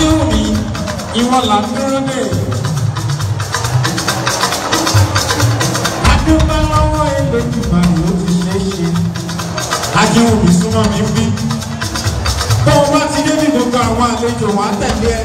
dé òní ìwọ là ń dúró dé. adúgbò lọ́wọ́ ẹlòmíràn ló fi ṣe é ṣe Akínwùmí súnmọ́ mi bí. tó o bá ti débi gbogbo àwọn àlejò wà á tẹ̀lé ẹ.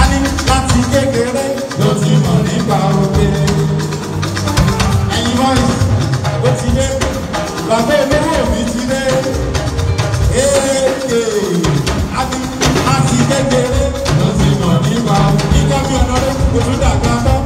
a ní láti kékeré ló ti mọ̀ nípa òkèèrè. ẹ̀yin bọ́ọ̀sì ó ti dé bàbá olówó mi ti dé. Hey, hey kékeré ló ti mọ̀ nípa ikọ́ bí ọ̀nà ló kò tún dàgbà bọ́.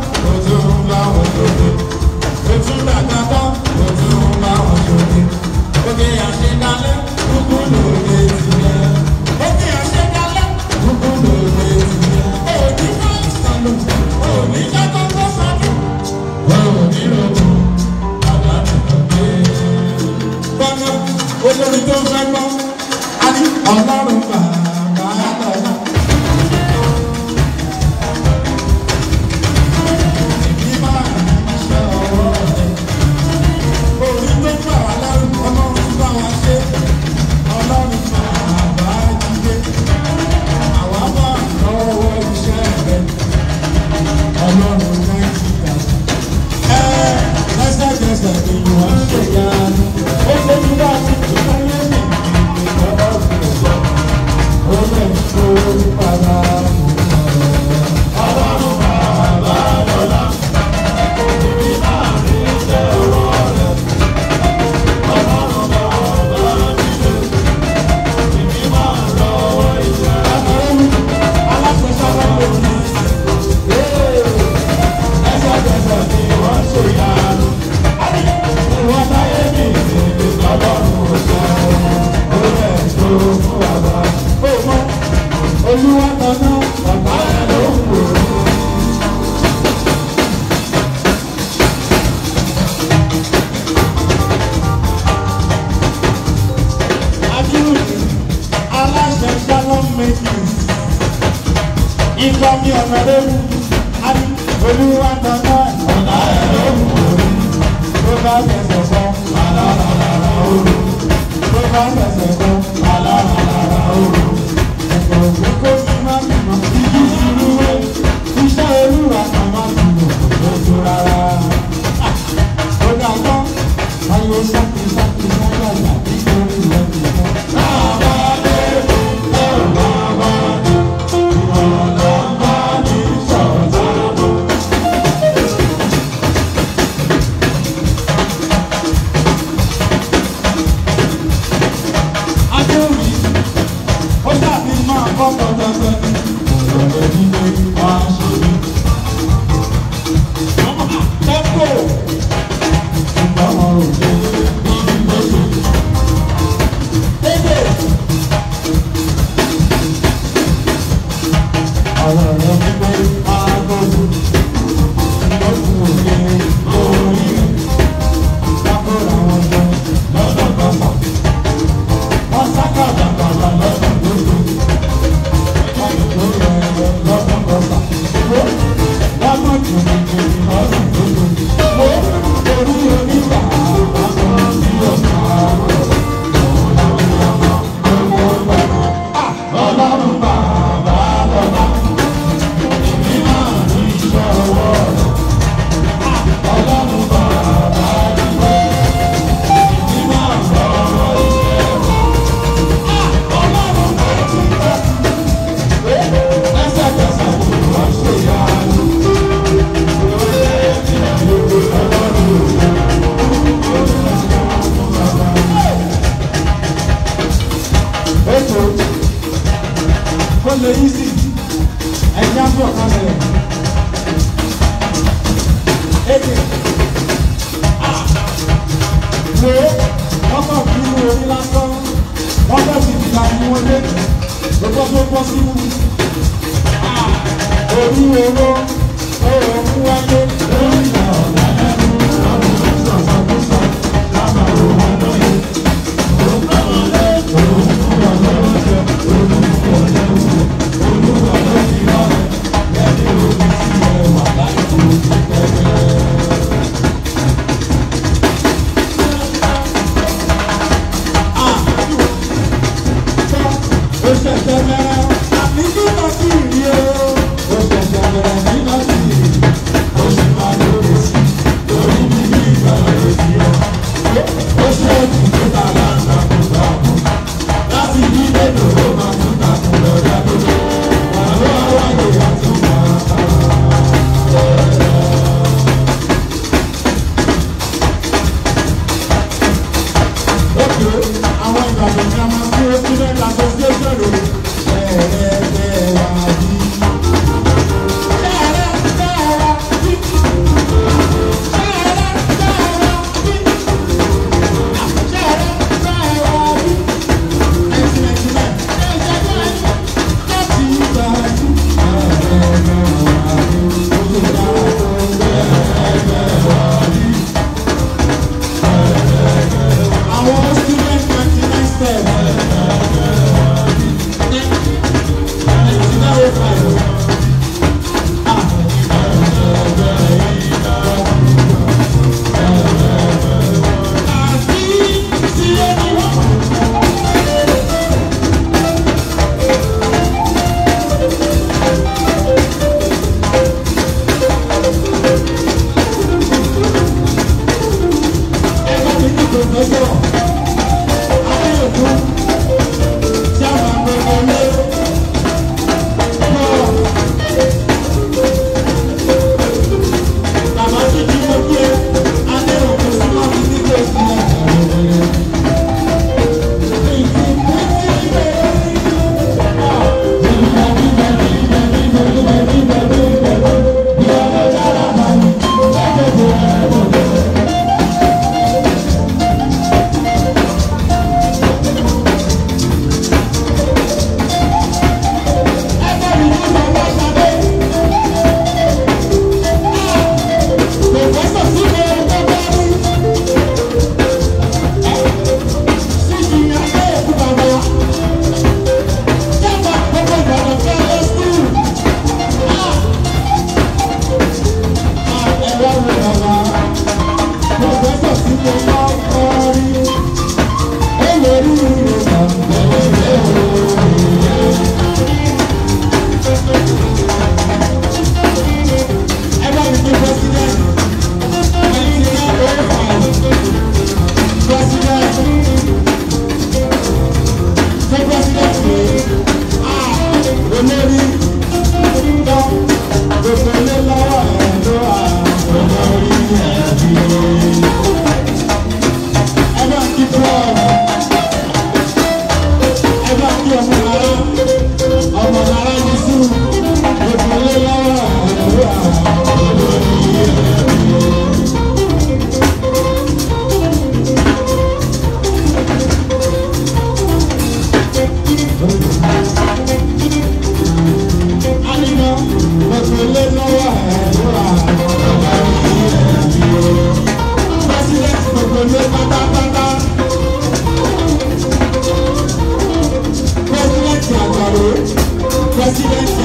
mighty name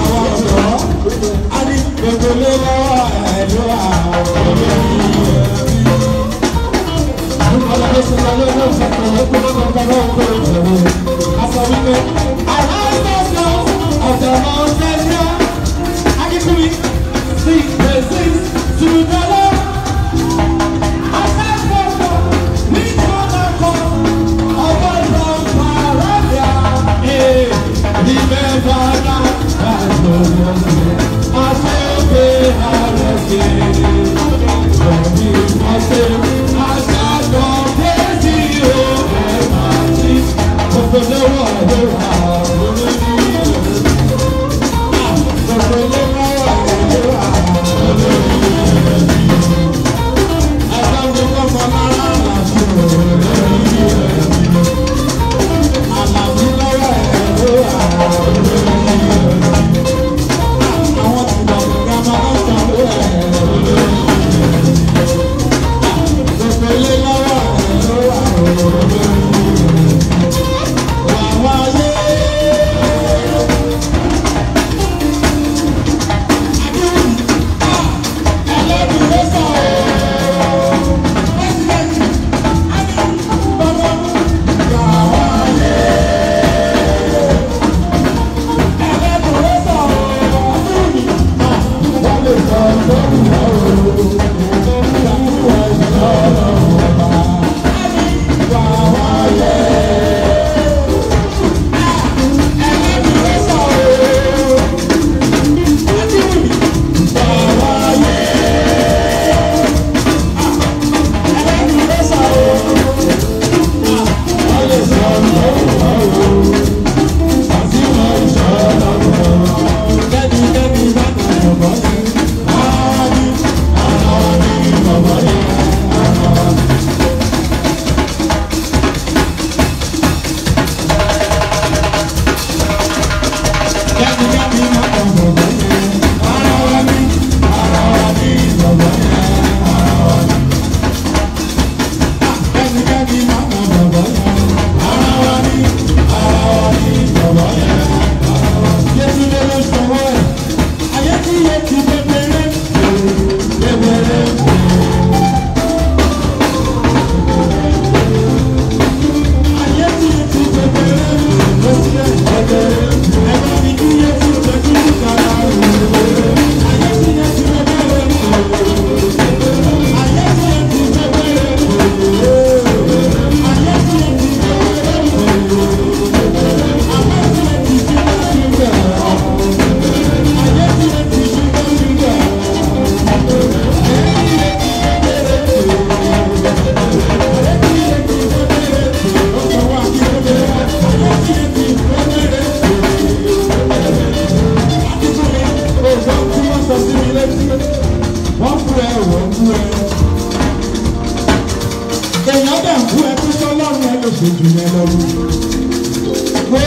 ṣe jù yẹn lọ́wọ́. Wo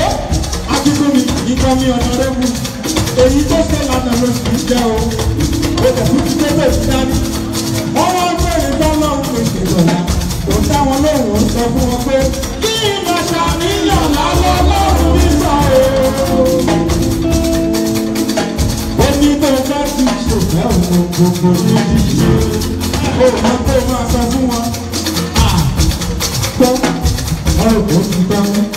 akíkúmi nípa mi ọ̀nà rẹ́kù. Èyí tó ṣe lànà ló sì ń jẹ́ o. O kò fún títí tó ti dání. Wọ́n wá bẹ̀rẹ̀ bọ́lá òun pèsè lọ́la. Kò táwọn lóhùn ó sọ fún wọn pé kí ìlọ̀ṣà mi yọ̀ lálọ́ lọ́rùn mi sọ èèyàn. Ó ní bó bá ti ṣòfẹ́ òun gbogbo ní ìṣe. Ó máa tó máa sọ fún wọn. Então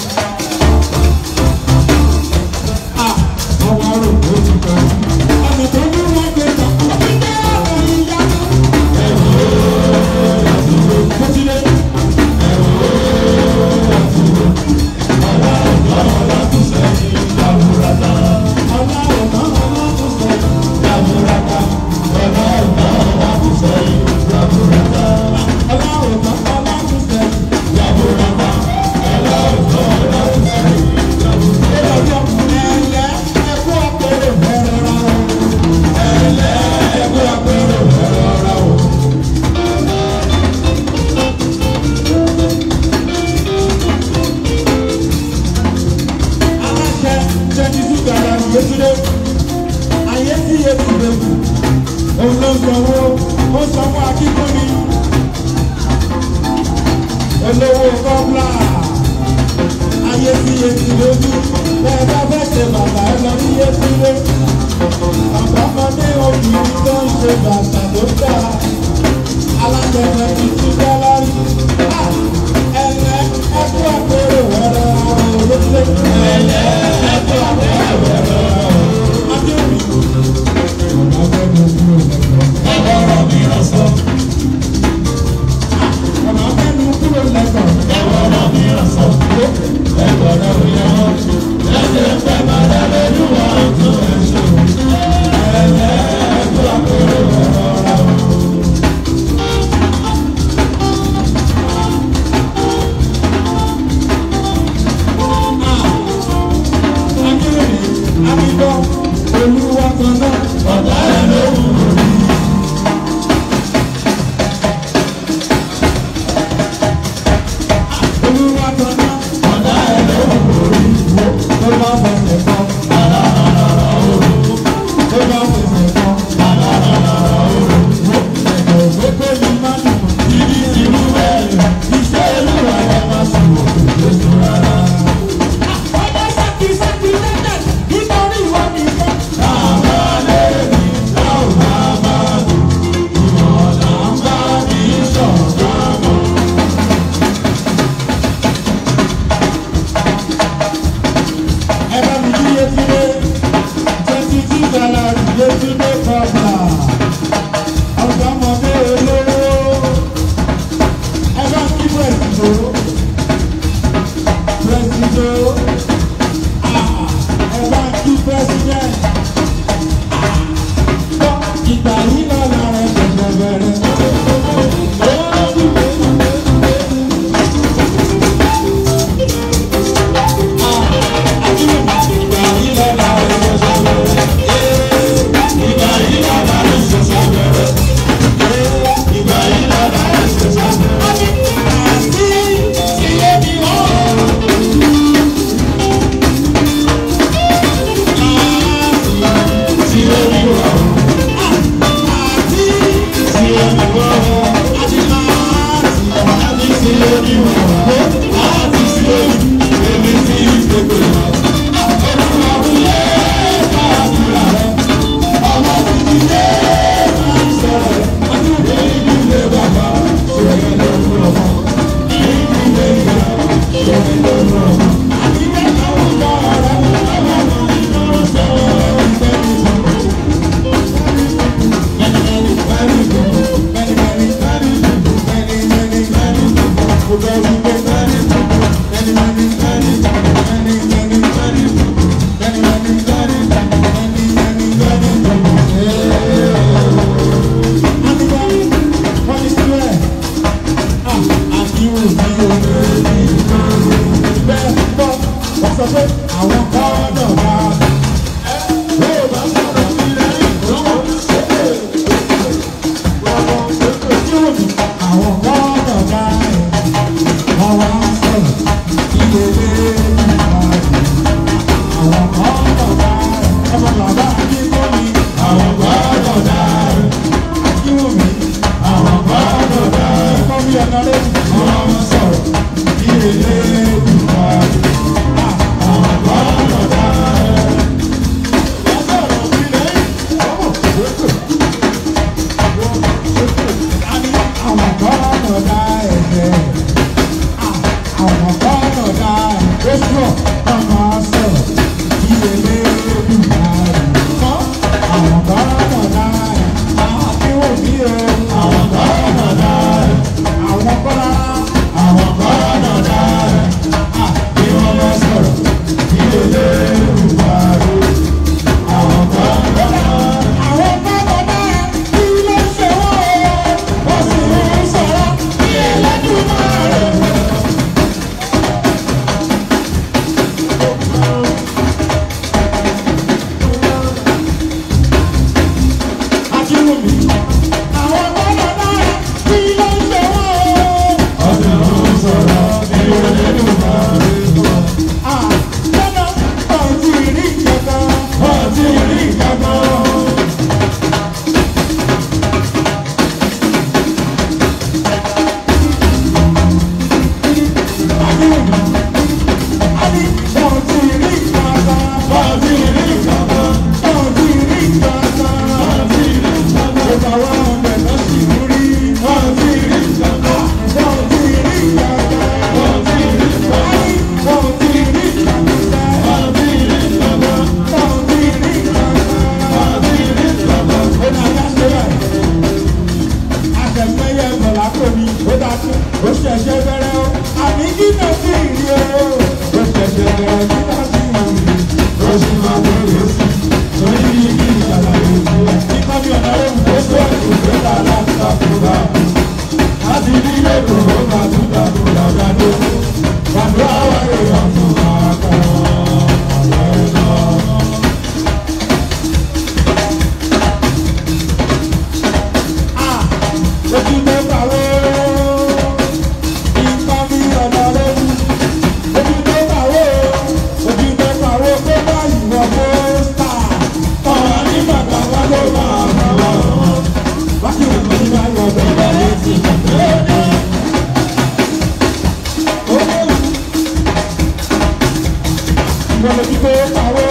oh, lójú tó kàwé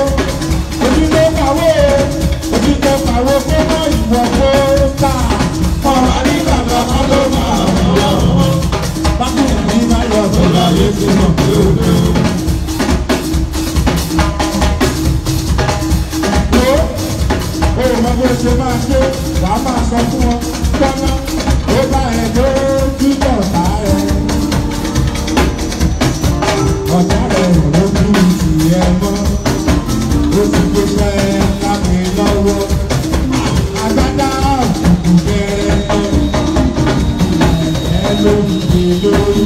ojú tó kàwé ojú tó kàwé pé mọ ìwọ tó ta ọ̀rọ̀ ní bàbá kan ló máa wọ̀ bákùnrin ní báyọ̀ tó láyé tó mọ̀ pé ó lé o. bó ṣe máa ṣe wà á máa sọ fún wọn gbọ́nà ó bá ẹ dé jíjọ̀ bá ẹ. ọ̀tá rẹ̀ rẹ̀ ẹ mọ́ ó ti gbé pẹ́ lábẹ́ lọ́wọ́ agbádá òkùnkùn kẹrẹ mọ́ ẹ lóyún lórí.